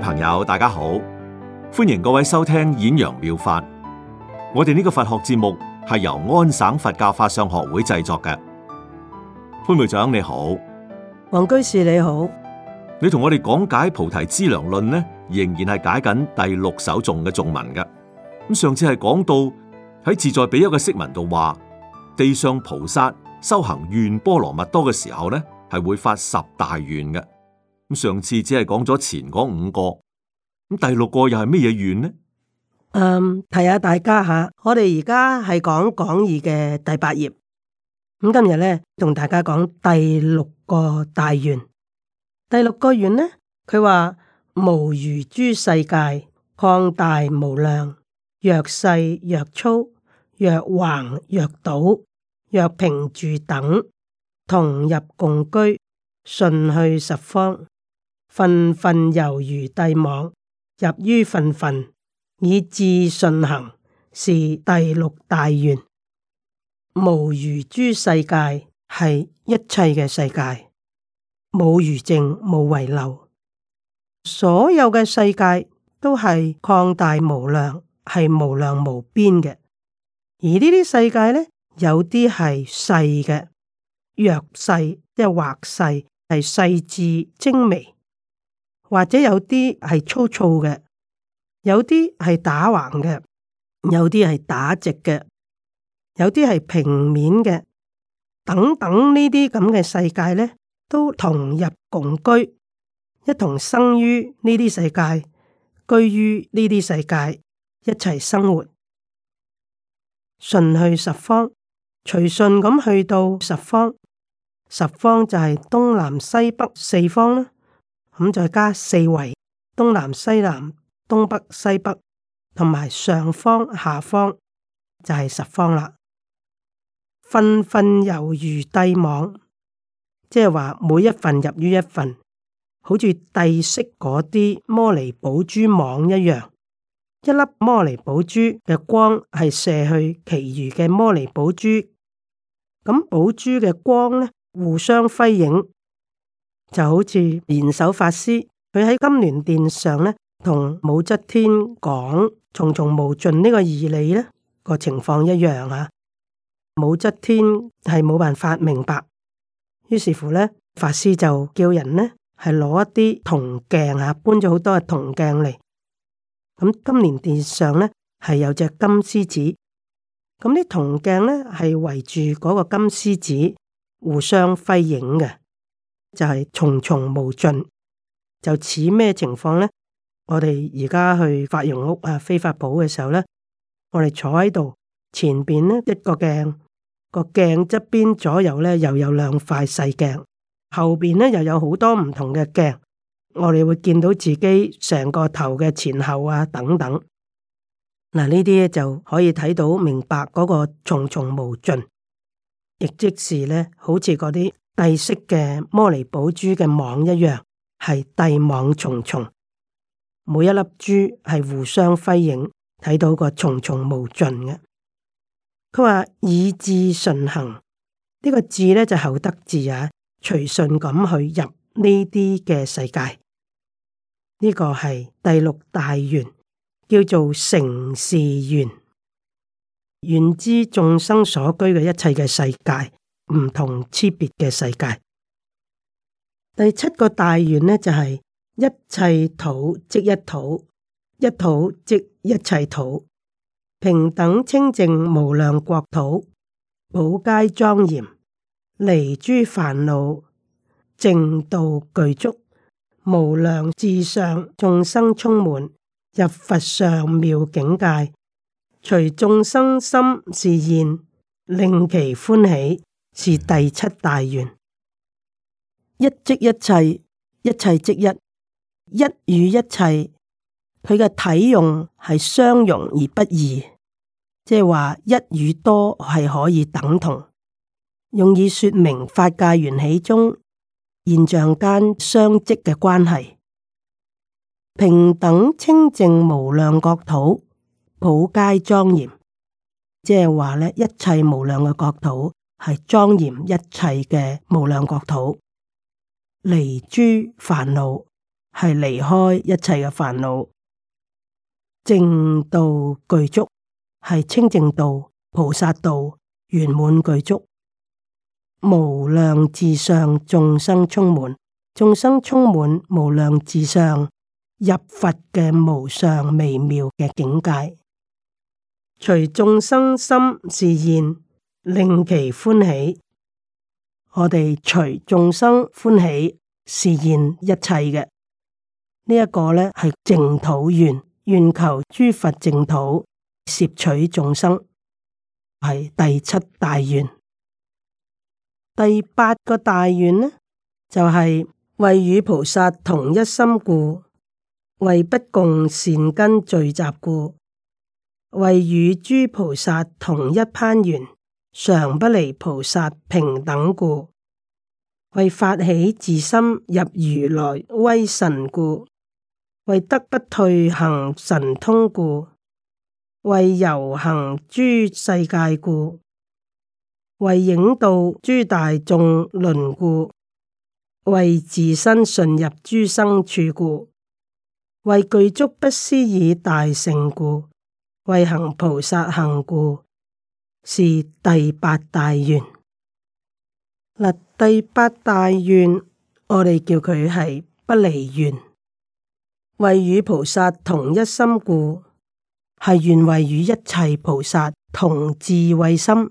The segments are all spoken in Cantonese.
朋友，大家好，歡迎各位收聽演揚妙，妙法。我哋呢個佛學節目係由安省佛教法相學會製作嘅。潘會長你好，王居士你好，你同我哋講解菩提資糧論呢，仍然係解緊第六首頌嘅頌文嘅。咁上次係講到喺自在比丘嘅釋文度話，地上菩薩修行願波羅蜜多嘅時候呢，係會發十大願嘅。上次只係講咗前嗰五個，咁第六個又係乜嘢願呢？嗯，um, 提下大家吓，我哋而家係講，講《講義》嘅第八頁，咁今日咧同大家講第六個大願。第六個願呢，佢話無如諸世界擴大無量，若細若粗，若橫若倒，若平住等，同入共居，順去十方，分分猶如帝網，入於分分以自信行，是第六大願。無如諸世界係一切嘅世界，無如淨無遺漏。所有嘅世界都係擴大無量，係無量無邊嘅。而呢啲世界呢，有啲係細嘅，弱細即係或細，係細緻精微。或者有啲係粗糙嘅，有啲係打橫嘅，有啲係打直嘅，有啲係平面嘅，等等呢啲咁嘅世界咧，都同入共居，一同生於呢啲世界，居於呢啲世界，一齊生活，順去十方，隨順咁去到十方，十方就係東南西北四方啦。咁再加四維，東南西南、東北西北，同埋上方下方，就係十方啦。紛紛猶如帝網，即係話每一份入於一份，好似帝釋嗰啲摩尼寶珠網一樣，一粒摩尼寶珠嘅光係射去其餘嘅摩尼寶珠，咁寶珠嘅光呢，互相輝映。就好似賢首法師，佢喺金銮殿上咧，同武則天講重重無盡呢個義理咧個情況一樣啊。武則天係冇辦法明白，於是乎咧，法師就叫人呢係攞一啲銅鏡啊，搬咗好多嘅銅鏡嚟。咁金銮殿上呢係有隻金獅子，咁啲銅鏡呢係圍住嗰個金獅子互相輝映嘅。就係重重無盡，就似咩情況咧？我哋而家去髮型屋啊，飛髮舖嘅時候咧，我哋坐喺度，前邊咧一個鏡，個鏡側邊左右咧又有兩塊細鏡，後邊咧又有好多唔同嘅鏡，我哋會見到自己成個頭嘅前後啊等等。嗱、啊，呢啲就可以睇到明白嗰個重重無盡，亦即是咧，好似嗰啲。第釋嘅摩尼寶珠嘅網一樣，係帝網重重，每一粒珠係互相輝映，睇到個重重無盡嘅。佢話以智順行呢、這個字呢就厚德字啊，隨順咁去入呢啲嘅世界。呢、這個係第六大願，叫做成事願，願之眾生所居嘅一切嘅世界。唔同差別嘅世界，第七個大願呢就係、是、一切土即一土，一土即一切土，平等清淨無量國土，寶階莊嚴，離諸煩惱，正道具足，無量至上眾生充滿，入佛上妙境界，隨眾生心示現，令其歡喜。是第七大願一即一切，一切即一，一與一切，佢嘅體用係相容而不異，即係話一與多係可以等同，用以說明法界緣起中現象間相即嘅關係。平等清淨無量國土普皆莊嚴，即係話咧，一切無量嘅國土。係莊嚴一切嘅無量國土，離諸煩惱，係離開一切嘅煩惱。正道具足，係清淨道、菩薩道、圓滿具足，無量至上眾生充滿，眾生充滿無量至上入佛嘅無上微妙嘅境界，隨眾生心自現。令其歡喜，我哋隨眾生歡喜，實現一切嘅、這個、呢一個咧，係淨土願，願求諸佛淨土攝取眾生係第七大願。第八個大願呢，就係、是、為與菩薩同一心故，為不共善根聚集故，為與諸菩薩同一攀緣。常不離菩薩平等故，為發起自心入如來威神故，為得不退行神通故，為遊行諸世界故，為引導諸大眾輪故，為自身順入諸生處故，為具足不思議大乘故，為行菩薩行故。是第八大願。嗱，第八大願，我哋叫佢係不離願，為與菩薩同一心故，係願為與一切菩薩同智慧心，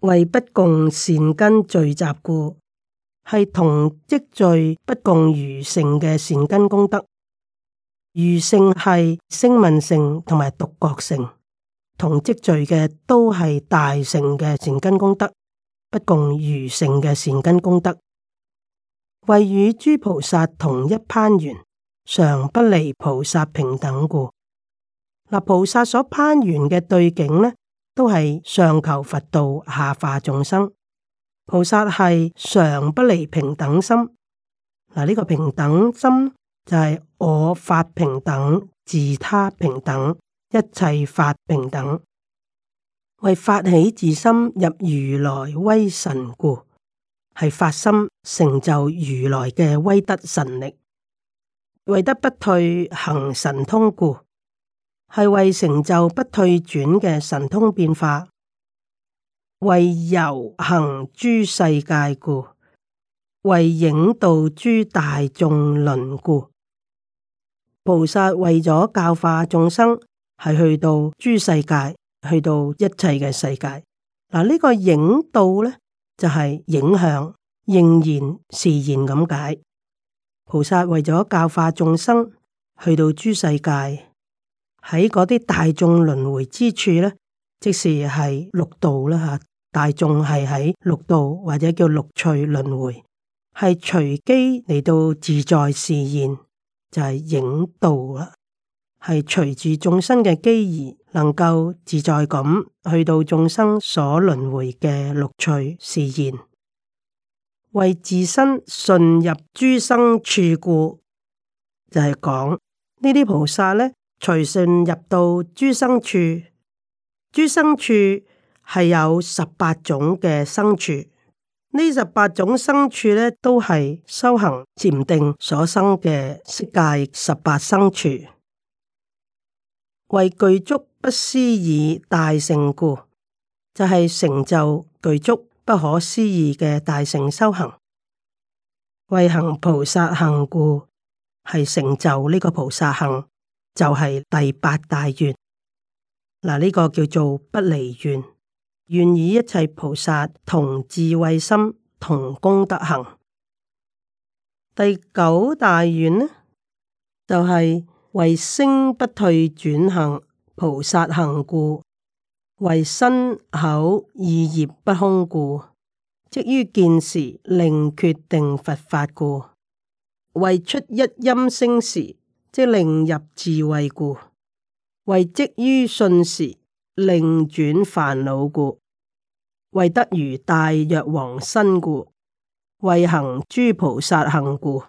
為不共善根聚集故，係同積聚不共餘聖嘅善根功德。餘聖係聲聞聖同埋獨覺聖。同積聚嘅都係大乘嘅善根功德，不共餘乘嘅善根功德，為與諸菩薩同一攀緣，常不離菩薩平等故。嗱，菩薩所攀緣嘅對境呢，都係上求佛道，下化眾生。菩薩係常不離平等心。嗱，呢個平等心就係我法平等，自他平等。一切法平等，為發起自心入如來威神故，係發心成就如來嘅威德神力；為得不退行神通故，係為成就不退轉嘅神通變化；為遊行諸世界故，為引導諸大眾輪故，菩薩為咗教化眾生。係去到諸世界，去到一切嘅世界。嗱，呢個影道咧，就係影響、仍然示現咁解。菩薩為咗教化眾生，去到諸世界，喺嗰啲大眾輪回之處咧，即是係六道啦吓。大眾係喺六道或者叫六趣輪回，係隨機嚟到自在示現，就係影道啦。係隨住眾生嘅機宜，能夠自在咁去到眾生所輪回嘅六趣是現，為自身順入諸生處故，就係、是、講呢啲菩薩呢隨順入到諸生處，諸生處係有十八種嘅生處，呢十八種生處呢都係修行禪定所生嘅世界十八生處。為具足不思議大乘故，就係、是、成就具足不可思議嘅大乘修行；為行菩薩行故，係成就呢個菩薩行，就係、是、第八大願。嗱，呢個叫做不離願，願以一切菩薩同智慧心、同功德行。第九大願呢，就係、是。為聲不退轉行菩薩行故，為身口意業不空故，即於見時令決定佛法故，為出一音聲時即令入智慧故，為即於信時令轉煩惱故，為得如大藥王身故，為行諸菩薩行故，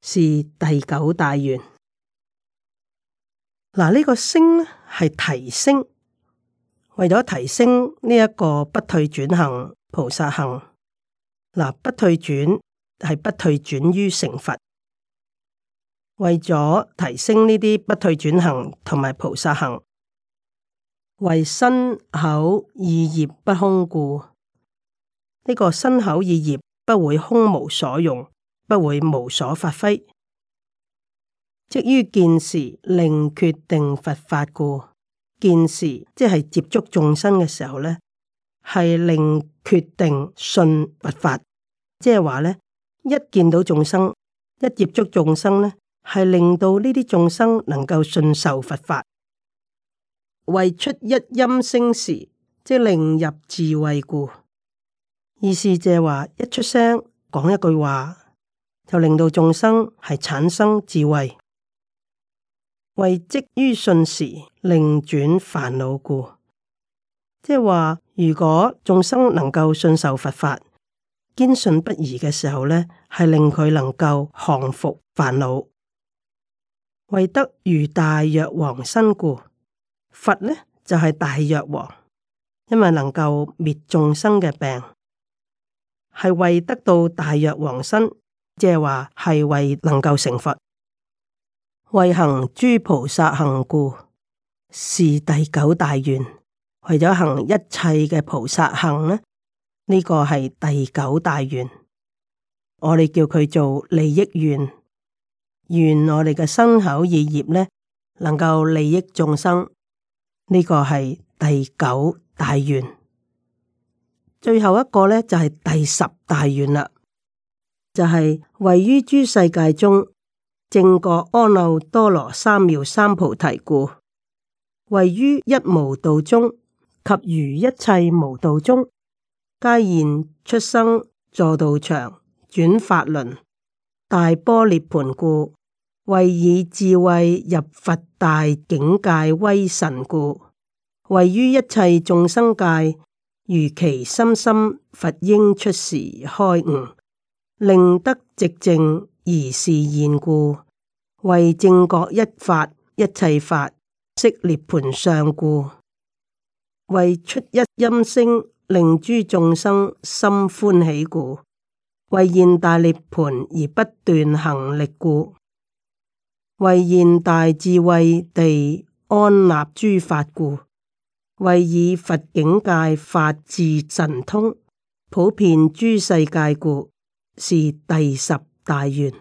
是第九大願。嗱，呢個升咧係提升，為咗提升呢一個不退轉行、菩薩行。嗱，不退轉係不退轉於成佛，為咗提升呢啲不退轉行同埋菩薩行，為身口意業不空故。呢、這個身口意業不會空無所用，不會無所發揮。即於見時令決定佛法故，見時即係接觸眾生嘅時候呢，係令決定信佛法。即係話呢，一見到眾生，一接觸眾生呢，係令到呢啲眾生能夠信受佛法。為出一音聲時，即令入智慧故。意思就係話，一出聲講一句話，就令到眾生係產生智慧。為積於信時，令轉煩惱故。即係話，如果眾生能夠信受佛法，堅信不疑嘅時候呢，係令佢能夠降伏煩惱。為得如大藥王身故，佛呢就係、是、大藥王，因為能夠滅眾生嘅病，係為得到大藥王身，即係話係為能夠成佛。為行諸菩薩行故，是第九大願。為咗行一切嘅菩薩行呢，呢個係第九大願。我哋叫佢做利益願，願我哋嘅身口意業呢，能夠利益眾生。呢個係第九大願。最後一個呢，就係第十大願啦，就係位於諸世界中。正覺阿耨多羅三藐三菩提故，位於一無道中及如一切無道中，皆現出生坐道場，轉法輪，大般涅槃故，為以智慧入佛大境界威神故，位於一切眾生界，如其心心佛應出時開悟，令得寂靜。而是現故，為正覺一法一切法悉涅盤相故，為出一音聲令諸眾生心歡喜故，為現大涅盤而不斷行力故，為現大智慧地安立諸法故，為以佛境界法智神通普遍諸世界故，是第十。大願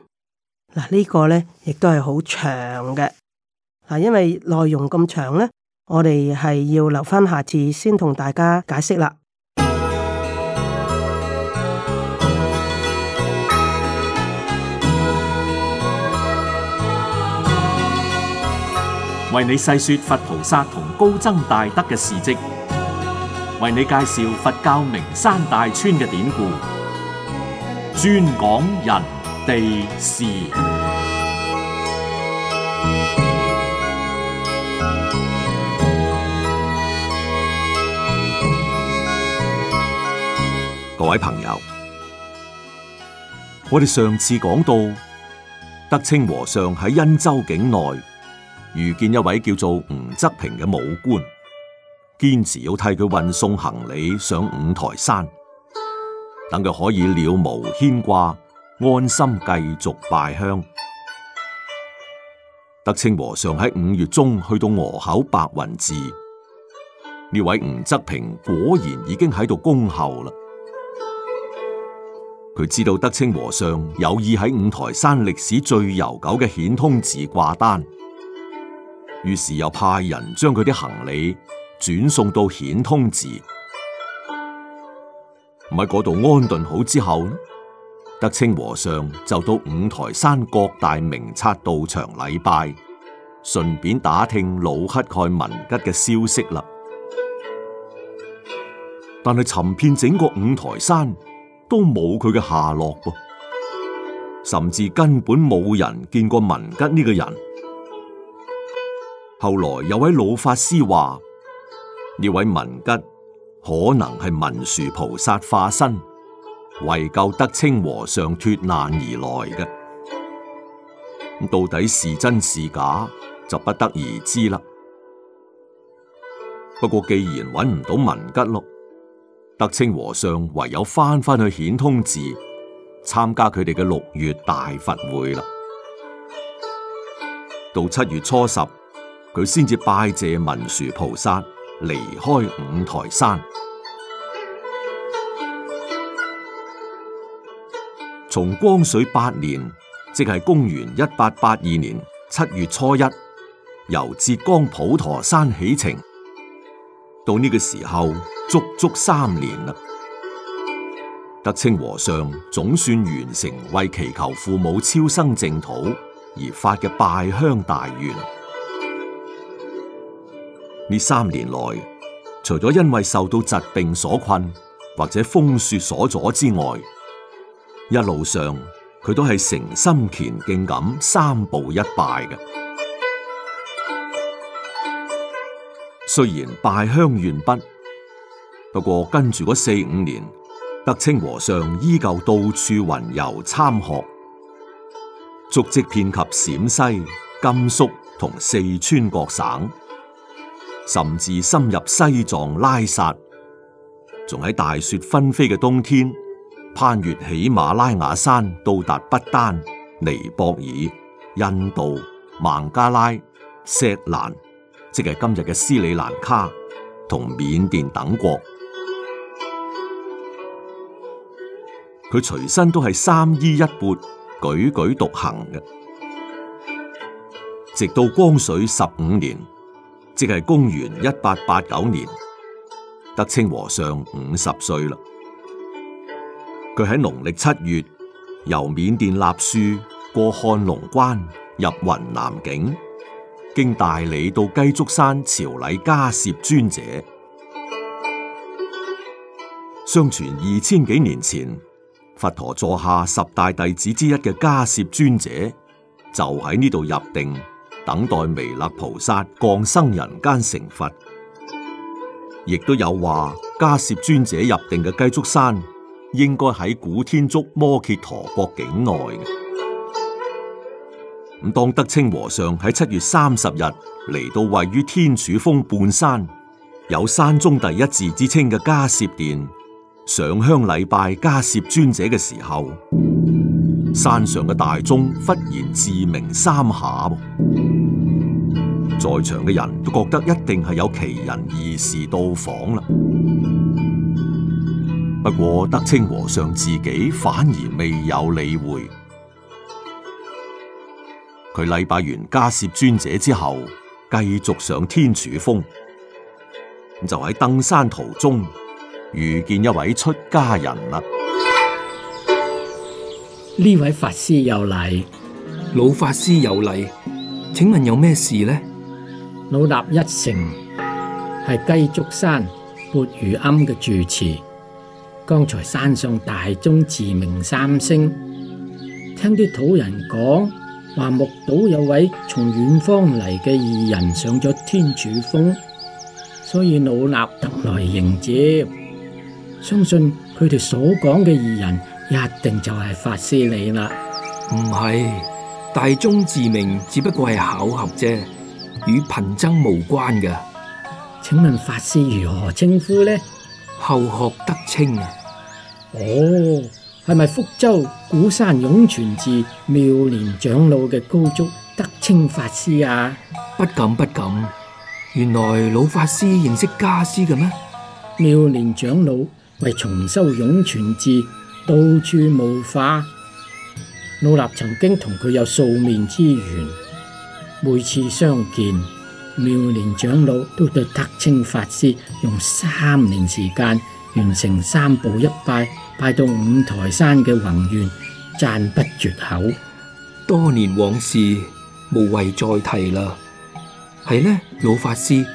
嗱，呢、這個呢，亦都係好長嘅，嗱，因為內容咁長呢，我哋係要留返下次先同大家解釋啦。為你細說佛菩薩同高僧大德嘅事跡，為你介紹佛教名山大川嘅典故，專講人。地事，各位朋友，我哋上次講到，德清和尚喺恩州境內遇見一位叫做吳則平嘅武官，堅持要替佢運送行李上五台山，等佢可以了無牽掛。安心繼續拜香。德清和尚喺五月中去到峨口白雲寺，呢位吳則平果然已經喺度恭候啦。佢知道德清和尚有意喺五台山歷史最悠久嘅顯通寺掛單，於是又派人將佢啲行李轉送到顯通寺。唔喺嗰度安頓好之後。德清和尚就到五台山各大名剎道場禮拜，順便打聽老乞丐文吉嘅消息啦。但係尋遍整個五台山，都冇佢嘅下落噃，甚至根本冇人見過文吉呢個人。後來有位老法師話：呢位文吉可能係文殊菩薩化身。為救德清和尚脱難而來嘅，咁到底是真是假就不得而知啦。不過既然揾唔到文吉咯，德清和尚唯有翻翻去顯通寺參加佢哋嘅六月大佛會啦。到七月初十，佢先至拜謝文殊菩薩，離開五台山。從光緒八年，即係公元一八八二年七月初一，由浙江普陀山起程，到呢個時候足足三年啦。德清和尚總算完成為祈求父母超生淨土而發嘅拜香大願。呢三年內，除咗因為受到疾病所困或者風雪所阻之外，一路上，佢都係誠心虔敬咁三步一拜嘅。雖然拜香完畢，不過跟住嗰四五年，德清和尚依舊到處雲遊參學，足跡遍及陝西、甘肅同四川各省，甚至深入西藏拉薩，仲喺大雪紛飛嘅冬天。攀越喜馬拉雅山，到達不丹、尼泊爾、印度、孟加拉、錫蘭，即係今日嘅斯里蘭卡同緬甸等國。佢隨身都係三衣一缽，舉舉獨行嘅，直到光緒十五年，即係公元一八八九年，德清和尚五十歲啦。佢喺農曆七月由緬甸臘樹過漢龍關入雲南境，經大理到雞足山朝禮迦葉尊者。相傳二千幾年前，佛陀座下十大弟子之一嘅迦葉尊者就喺呢度入定，等待彌勒菩薩降生人間成佛。亦都有話迦葉尊者入定嘅雞足山，應該喺古天竺摩羯陀國境內嘅。咁當德清和尚喺七月三十日嚟到位於天柱峰半山，有山中第一寺之稱嘅迦葉殿上香禮拜迦葉尊者嘅時候，山上嘅大鐘忽然自鳴三下，在場嘅人都覺得一定係有奇人異事到訪啦。不過，德清和尚自己反而未有理會。佢禮拜完迦葉尊者之後，繼續上天柱峰，就喺登山途中遇見一位出家人啦。呢位法師有禮，老法師有禮，請問有咩事呢？老衲一成係雞足山缽盂庵嘅住持。剛才山上大鐘自鳴三聲，聽啲土人講話木島有位從遠方嚟嘅異人上咗天柱峰，所以老衲特來迎接。相信佢哋所講嘅異人一定就係法師你啦。唔係，大鐘自鳴只不過係巧合啫，與貧僧無關嘅。請問法師如何稱呼呢？後學德清、啊、哦，係咪福州鼓山湧泉寺妙蓮長老嘅高足德清法師啊？不敢不敢！原來老法師認識家師嘅咩？妙蓮長老為重修湧泉寺，到處募化，老衲曾經同佢有數面之緣，每次相見。妙蓮長老都對德清法師用三年時間完成三步一拜，拜到五台山嘅宏願，讚不絕口。多年往事無謂再提啦。係咧，老法師，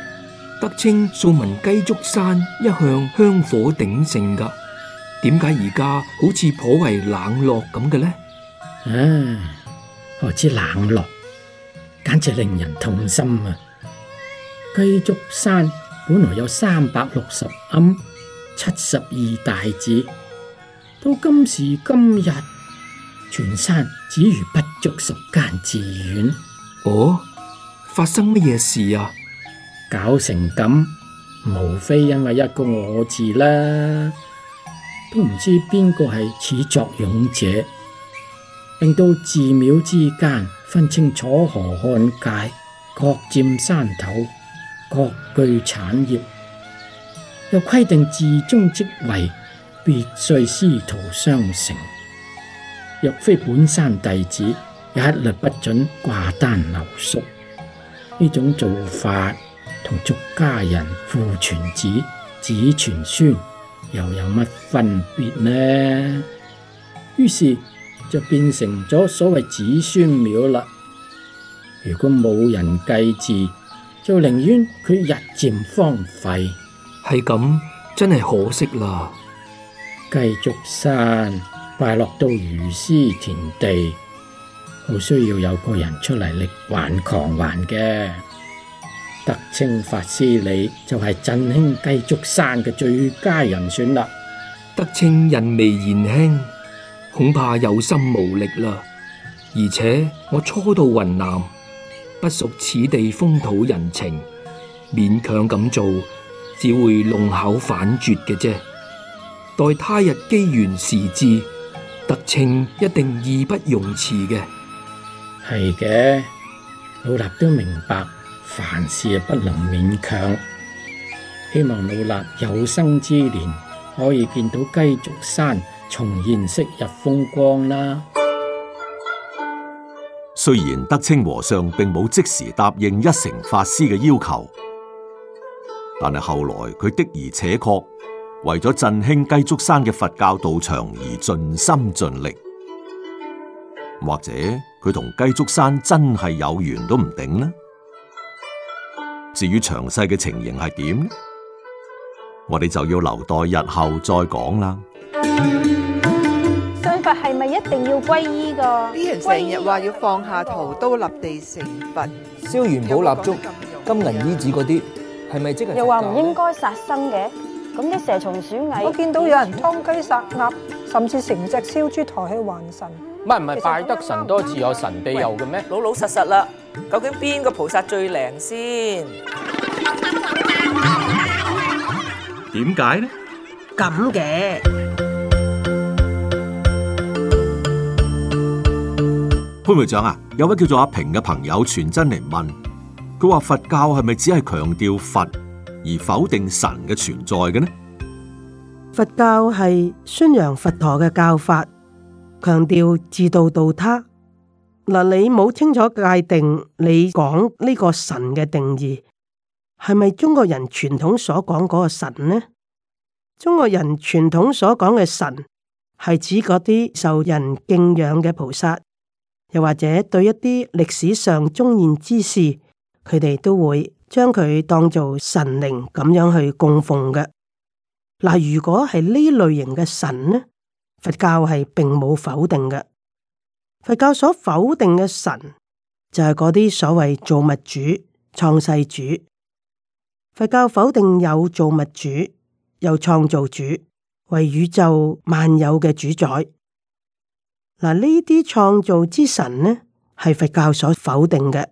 德清素聞雞足山一向香火鼎盛噶，點解而家好似頗為冷落咁嘅咧？唉，何止冷落，簡直令人痛心啊！雞足山本來有三百六十庵、七十二大寺，到今時今日，全山只餘不足十間寺院。哦，發生乜嘢事啊？搞成咁，無非因為一個我字啦。都唔知邊個係始作俑者，令到寺廟之間分清楚河漢界，各佔山頭。各具產業，又規定寺中職位必須師徒相承，若非本山弟子，一律不准掛單留宿。呢種做法同族家人父傳子，子傳孫，又有乜分別呢？於是就變成咗所謂子孫廟啦。如果冇人繼志，就寧願佢日漸荒廢，係咁真係可惜啦。雞足山敗落到如斯田地，好需要有個人出嚟力挽狂瀾嘅。德清法師你就係振興雞足山嘅最佳人選啦。德清人微言輕，恐怕有心無力啦。而且我初到雲南。不屬此地風土人情，勉強咁做，只會弄巧反拙嘅啫。待他日機緣時至，特稱一定義不容辭嘅。係嘅，老衲都明白，凡事不能勉強。希望老衲有生之年可以見到雞足山重現昔日風光啦。雖然德清和尚並冇即時答應一成法師嘅要求，但係後來佢的而且確為咗振興雞足山嘅佛教道場而盡心盡力，或者佢同雞足山真係有緣都唔定呢？至於詳細嘅情形係點，我哋就要留待日後再講啦。係咪一定要皈依噶？啲人成日話要放下屠刀立地成佛，燒元寶蠟燭、金銀衣紙嗰啲，係咪即係？又話唔應該殺生嘅，咁啲蛇蟲鼠蟻，我見到有人劏雞殺鴨，甚至成隻燒豬抬去還神。唔係唔係，拜得神多自有神庇佑嘅咩？老老實實啦，究竟邊個菩薩最靈先？點解呢？咁嘅。潘會長啊，有位叫做阿平嘅朋友傳真嚟問，佢話佛教係咪只係強調佛而否定神嘅存在嘅呢？佛教係宣揚佛陀嘅教法，強調自度度他。嗱，你冇清楚界定你講呢個神嘅定義，係咪中國人傳統所講嗰個神呢？中國人傳統所講嘅神係指嗰啲受人敬仰嘅菩薩。又或者對一啲歷史上忠言之士，佢哋都會將佢當做神靈咁樣去供奉嘅。嗱，如果係呢類型嘅神呢，佛教係並冇否定嘅。佛教所否定嘅神就係嗰啲所謂造物主、創世主。佛教否定有造物主，有創造主為宇宙萬有嘅主宰。嗱，呢啲創造之神呢，係佛教所否定嘅。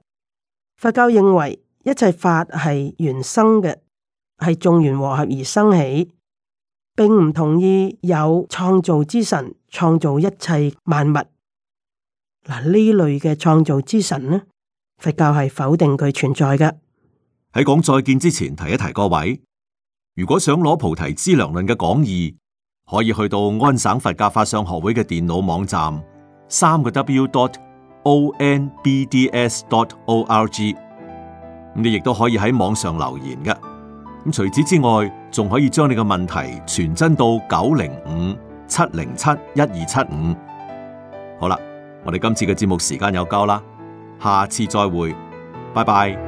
佛教認為一切法係緣生嘅，係眾緣和合而生起，並唔同意有創造之神創造一切萬物。嗱，呢類嘅創造之神呢，佛教係否定佢存在嘅。喺講再見之前，提一提各位，如果想攞《菩提資糧論》嘅講義。可以去到安省佛教法相學會嘅電腦網站，三個 w dot onbds dot org，你亦都可以喺網上留言嘅。咁除此之外，仲可以將你嘅問題傳真到九零五七零七一二七五。好啦，我哋今次嘅節目時間有夠啦，下次再會，拜拜。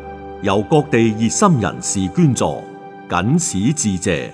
由各地熱心人士捐助，僅此致謝。